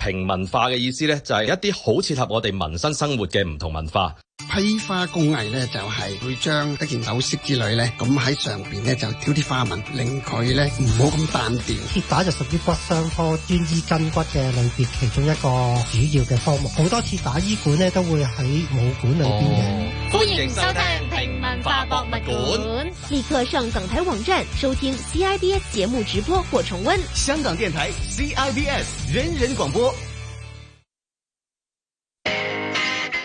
平民化嘅意思咧，就係一啲好切合我哋民生生活嘅唔同文化。批花工藝咧就係會將一件首飾之類咧，咁喺上邊咧就挑啲花紋，令佢咧唔好咁單調。跌打就屬於骨傷科專醫筋骨嘅類別，其中一個主要嘅科目。好多跌打醫館咧都會喺武館裏邊嘅、哦。歡迎收聽平民化博物館，立刻上港台網站收聽 CIBS 節目直播或重溫。香港電台 CIBS 人人廣播。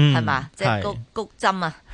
嗯，係嘛？即係菊菊針啊！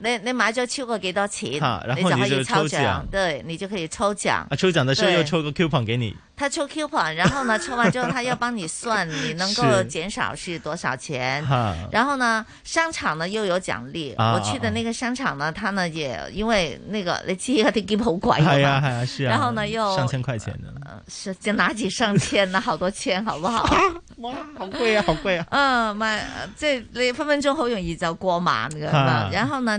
你你買咗超過幾多錢然後你，你就可以抽獎，對，你就可以抽獎。啊，抽獎的時候又抽個 coupon 給你。他抽 coupon，然後呢， 抽完之後他要幫你算， 你能夠減少是多少錢。然後呢，商場呢又有獎勵、啊。我去的那個商場呢，他、啊啊、呢也因為那個你記得啲 coupon 貴係啊係啊，是啊。然後呢又上千塊錢的、呃，是就拿幾上千啦，好多千，好不好？ 哇，好貴啊，好貴啊。嗯，買，即係你分分鐘好容易就過萬個然後呢？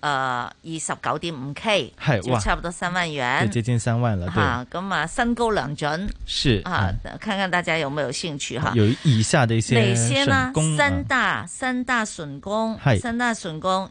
誒、呃，二十九點五 K，係，就差唔多三萬元，接近三萬啦。吓，咁啊，薪高糧準，是、啊，吓、啊，看看大家有冇有興趣哈、啊啊，有以下的一些工、啊，哪些呢？三大三大筍工，係，三大筍工。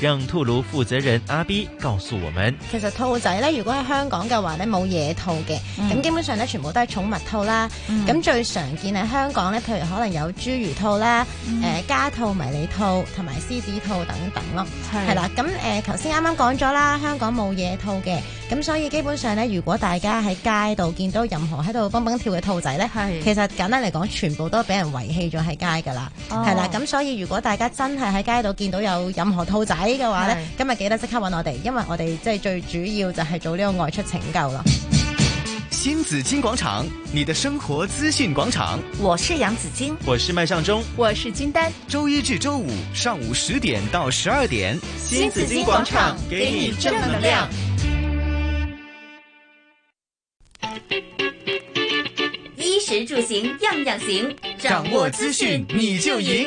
讓兔奴負責人阿 B 告訴我們，其實兔仔咧，如果喺香港嘅話咧，冇野兔嘅。咁、嗯、基本上咧，全部都係寵物兔啦。咁、嗯、最常見喺香港咧，譬如可能有侏儒兔啦，誒、嗯呃，家兔，迷兔，迷你兔同埋獅子兔等等咯，係啦。咁誒，頭先啱啱講咗啦，香港冇野兔嘅，咁所以基本上咧，如果大家喺街度見到任何喺度蹦蹦跳嘅兔仔咧、嗯，其實簡單嚟講，全部都俾人遺棄咗喺街噶、哦、啦，係啦。咁所以如果大家真係喺街度見到有任何兔仔，嘅話咧，今日記得即刻揾我哋，因為我哋即係最主要就係做呢個外出拯救啦。新紫金廣場，你的生活資訊廣場。我是楊紫金，我是麥尚中，我是金丹。周一至周五上午十點到十二點，新紫金廣場給你正能量。衣食住行樣樣行，掌握資訊你就贏。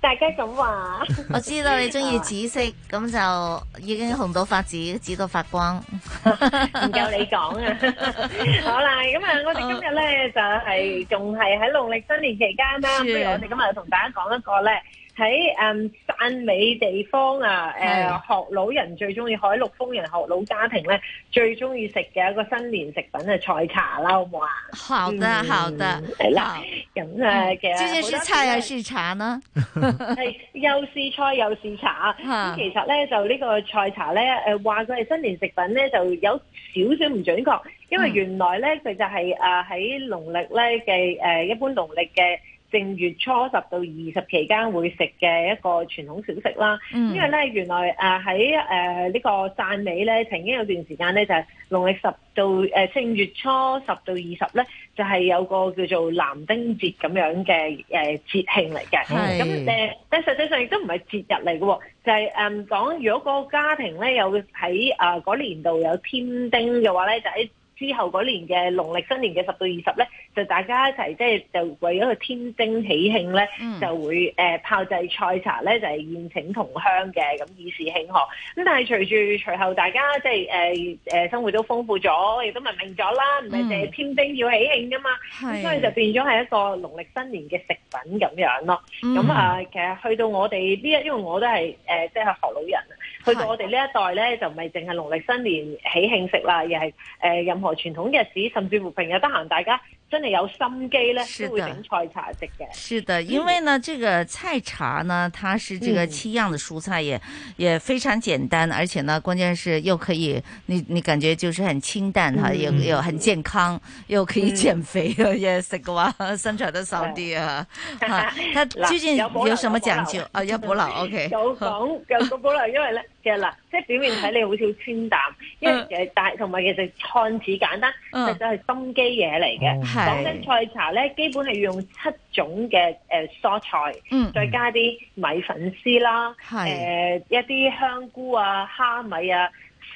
大家咁話， 我知道你中意紫色，咁 就已經紅到發紫，紫到發光，唔 夠 你講啊！ 好啦，咁啊，我哋今日咧就係仲係喺農曆新年期間啦、啊，不如我哋今日同大家講一個咧。喺誒汕尾地方啊，誒學老人最中意，海陸豐人學老家庭咧最中意食嘅一個新年食品係菜茶啦，好唔好啊？好嘅，好嘅，係啦。咁誒，其實我覺得，究竟是菜還是茶呢？係又是菜又係茶啊！咁其實咧就呢個菜茶咧誒話佢係新年食品咧就有少少唔準確，因為原來咧佢就係誒喺農曆咧嘅誒一般農曆嘅正月初十到二十期間會食嘅一個傳統小食啦，嗯、因為咧原來誒喺誒呢個汕尾咧曾經有段時間咧就係、是、農曆十到誒、呃、正月初十到二十咧就係、是、有個叫做南丁節咁樣嘅誒、呃、節慶嚟嘅，咁誒但實際上亦都唔係節日嚟嘅喎，就係誒講如果個家庭咧有喺啊嗰年度有添丁嘅話咧就喺之後嗰年嘅農曆新年嘅十到二十咧，就大家一齊即係就為咗個添丁喜慶咧，就會誒炮、嗯、製菜茶咧，就係宴請同鄉嘅咁以示慶賀。咁但係隨住隨後大家即係誒誒生活都豐富咗，亦都文明咗啦，唔係淨係添丁要喜慶噶嘛，咁、嗯、所以就變咗係一個農曆新年嘅食品咁樣咯。咁、嗯、啊，其實去到我哋呢一，因為我都係誒即係何老人。去到我哋呢一代咧，就唔係淨係農曆新年喜慶食啦，而係誒、呃、任何傳統的日子，甚至乎平日得閒，大家真係有心機咧，是都會整菜茶食嘅。是的，因為呢，這個菜茶呢，它是這個七樣的蔬菜也，也、嗯、也非常簡單，而且呢，關鍵是又可以，你你感覺就是很清淡哈、嗯，又又很健康，又可以減肥，嘢食嘅話身材都瘦啲哈。哈、 啊，它 究竟有什麼講究 有補腦補腦？啊，要補腦？OK。 有講有講補腦， 因為咧。嘅啦，即係表面睇你好似好清淡，因為其但係同埋其實看似簡單，其、呃、實係心機嘢嚟嘅。講真，菜茶咧基本係要用七種嘅誒、呃、蔬菜，嗯、再加啲米粉絲啦，誒、呃、一啲香菇啊、蝦米啊、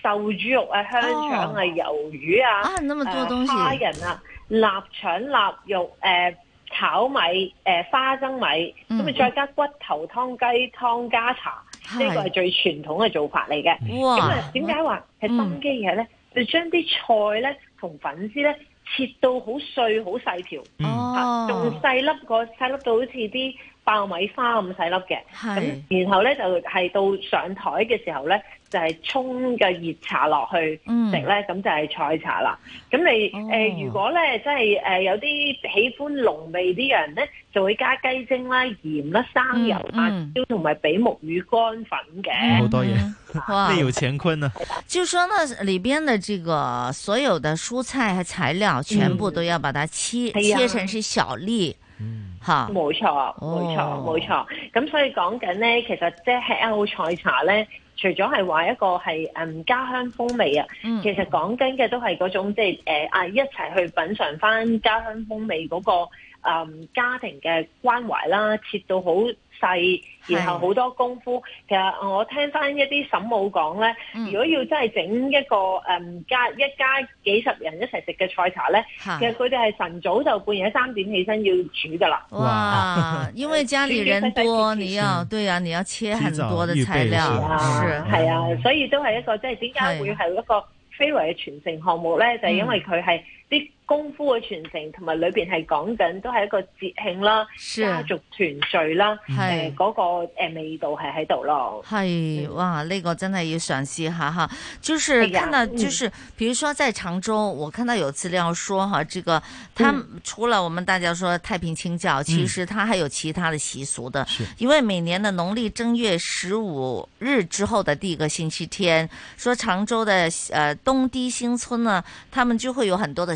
瘦豬肉啊、香、哦、腸啊、魷、啊、魚啊、蝦仁啊、臘腸臘肉誒、呃、炒米誒、呃、花生米，咁、嗯、咪再加骨頭湯、雞湯加茶。呢個係最傳統嘅做法嚟嘅，咁啊點解話係心機嘢咧、嗯？就將啲菜咧同粉絲咧切到好碎、好細條，條，仲、啊、細粒個細粒到好似啲。爆米花咁細粒嘅，咁、嗯、然後咧就係、是、到上台嘅時候咧，就係沖個熱茶落去食咧，咁、嗯、就係菜茶啦。咁你、哦呃、如果咧，即係、呃、有啲喜歡濃味啲人咧，就會加雞精啦、鹽啦、生油啦、辣椒同埋比目魚乾粉嘅。好、嗯嗯、多嘢，內有乾坤啊！就說呢，裏邊的這個所有的蔬菜和材料，全部都要把它切、嗯、切成是小粒。嗯，吓，冇錯，冇、哦、錯，冇錯。咁、嗯嗯嗯、所以講緊咧，其實即係 o u 菜茶咧，除咗係話一個係嗯家鄉風味啊，其實講緊嘅都係嗰種即係誒啊，一齊去品嘗翻家鄉風味嗰、嗰個嗯家庭嘅關懷啦，切到好細。然後好多功夫，其實我聽翻一啲沈母講咧、嗯，如果要真係整一個誒家、嗯、一家幾十人一齊食嘅菜茶咧、嗯，其實佢哋係晨早就半夜三點起身要煮㗎喇。哇！ 因為家裡人多，煮煮你要對啊，你要切很多嘅材料的是啊，係啊，啊，啊，啊，所以都係一個即係點解會係一個非遺嘅傳承項目咧、嗯，就係、是、因為佢係。啲功夫嘅傳承同埋裡邊係講緊都係一個節慶啦是，啊，家族團聚啦，係嗰，啊呃啊那個誒味道係喺度咯。係、啊嗯、哇、呢、這個真係要嘗試下哈，就是看到是、啊、就是、嗯，比如說在長洲，我看到有資料說哈，這個他、嗯、除了我們大家說太平清醮，其實他還有其他的習俗的、嗯，因為每年的農曆正月十五日之後的第一個星期天，說長洲的誒、呃、東堤新村呢，他們就會有很多的。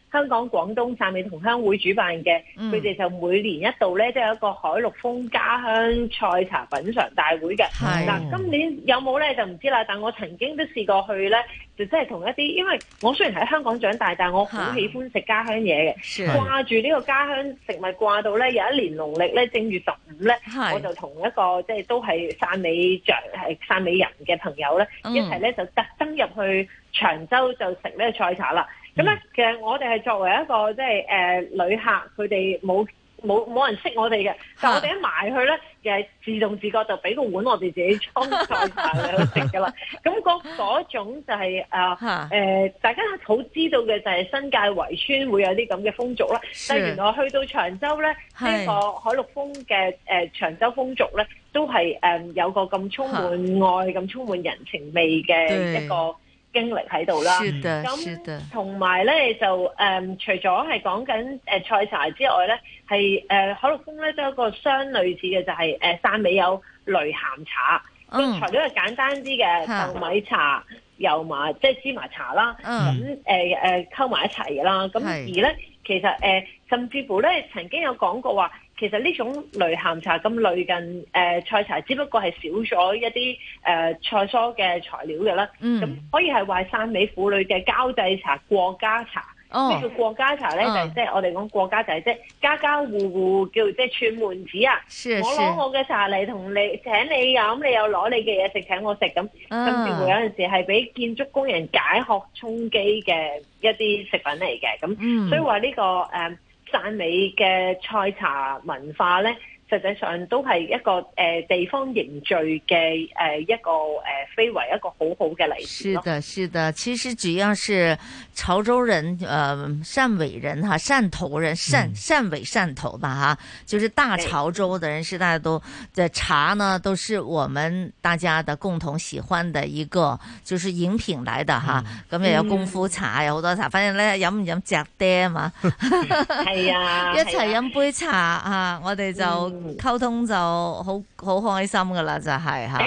香港廣東汕尾同鄉會主辦嘅，佢、嗯、哋就每年一度咧，即、就、有、是、一個海陸豐家鄉菜茶品嘗大會嘅。係，嗱、嗯，今年有冇咧就唔知啦。但我曾經都試過去咧，就即係同一啲，因為我雖然喺香港長大，但我好喜歡食家鄉嘢嘅，掛住呢個家鄉食物掛到咧，有一年農曆咧正月十五咧，我就同一個即係、就是、都係汕尾長係汕尾人嘅朋友咧、嗯，一齊咧就特登入去。長洲就食呢個菜茶啦，咁咧其實我哋係作為一個即係誒旅客，佢哋冇冇冇人識我哋嘅，但我哋一埋去咧，其實自動自覺就俾個碗我哋自己裝 菜茶嚟食噶啦。咁、那、嗰、個、種就係、是、啊、呃呃、大家好知道嘅就係新界圍村會有啲咁嘅風俗啦。但原來去到長洲咧，呢、這個海陸豐嘅誒長洲風俗咧，都係誒、呃、有個咁充滿愛、咁充滿人情味嘅一個經歷喺度啦，咁同埋咧就誒、呃，除咗係講緊誒菜茶之外咧，係誒、呃、海陸豐咧都有個相類似嘅、就是，就係誒汕尾有擂鹹茶，個、嗯、材料係簡單啲嘅、啊，豆米茶、油麻即係芝麻茶啦，咁誒誒溝埋一齊嘅啦。咁、嗯、而咧，其實誒、呃、甚至乎咧，曾經有講過話。其實呢種擂鹹茶咁類近誒、呃、菜茶，只不過係少咗一啲誒、呃、菜蔬嘅材料嘅啦。咁、嗯、可以係話汕尾婦女嘅交際茶、過家茶。哦，呢個過家茶咧就係即係我哋講過家，就係、是、即家，家家戶戶叫即串門子啊。是是我攞我嘅茶嚟同你請你飲，你又攞你嘅嘢食請我食，咁甚至乎有陣時係俾建築工人解渴充飢嘅一啲食品嚟嘅。咁、嗯，所以話呢、這個誒。呃讚美嘅菜茶文化咧。實際上都係一個誒地方凝聚嘅誒一個誒非為一個好好嘅例子。是的，是的。其實主要是潮州人，誒、呃、汕尾人哈，汕頭人，汕汕尾汕頭吧，哈、嗯，就是大潮州的人，士。大家都嘅、嗯、茶呢，都是我們大家的共同喜歡的一個，就是飲品來的哈。咁、嗯、樣、啊、有功夫茶，有好多茶，反正咧飲唔飲只爹嘛。係、 嗯、是啊， 一齊飲杯茶、嗯、啊，我哋就～溝通就好好開心噶啦，就係、是、吓。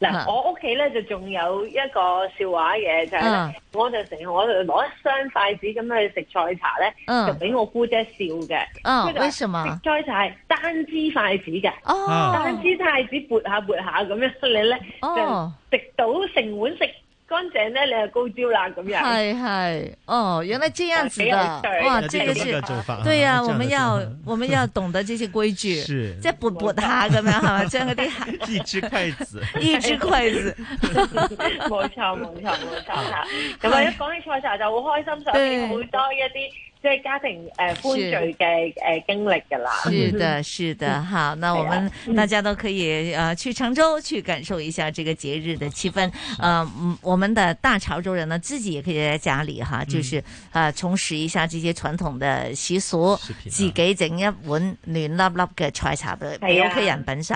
嗱、啊，我屋企咧就仲有一個笑話嘅，就係、是嗯、我就成日我攞一雙筷子咁去食菜茶咧、嗯，就俾我姑姐笑嘅。嗯、哦，為什麼？食菜就係單支筷子嘅、哦，單支筷子撥下撥下咁樣你咧、哦，就食到成碗食。乾淨咧，你就高招啦，咁樣。係係、 哎哎，哦，原來這樣子噶，哇，這個是，啊、對呀、啊，我們要、啊、我們要懂得這些規矩，即係撥撥下咁樣係嘛，將嗰啲。 一支筷子，一支筷子，冇錯冇錯冇錯，咁啊一講起菜茶就好開心，就想起好多一啲。即、就、係、是、家庭誒歡聚嘅經歷㗎啦，是的，呃、是的，呃是的嗯，好，那我們大家都可以呃去長洲去感受一下這個節日的氣氛。嗯、呃，我們的大潮州人呢，自己也可以在家裏哈、啊，就是啊、呃、重拾一下這些傳統的習俗，嗯、自己整一碗暖粒粒嘅菜茶俾屋企人品嘗、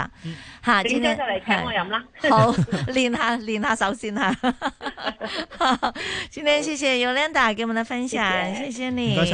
啊。今天就嚟請我飲啦，好練下練下手先吓。 今天謝謝 Yolanda 給我們的分享，謝謝，謝，謝你。謝謝你。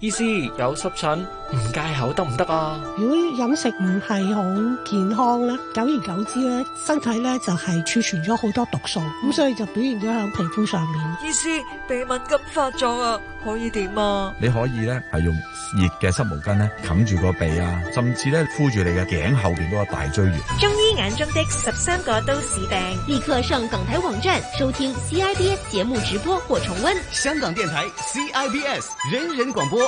醫師有濕疹，唔戒口得唔得啊？如果飲食唔係好健康咧，久而久之咧，身體咧就係儲存咗好多毒素，咁所以就表現咗喺皮膚上面。醫師鼻敏感發作啊，可以點啊？你可以咧係用熱嘅濕毛巾咧冚住個鼻啊，甚至咧敷住你嘅頸後邊嗰個大椎穴。中醫眼中的十三個都市病，立刻上港台網站收聽 CIBS 節目直播或重溫。香港電台 CIBS 人人廣播。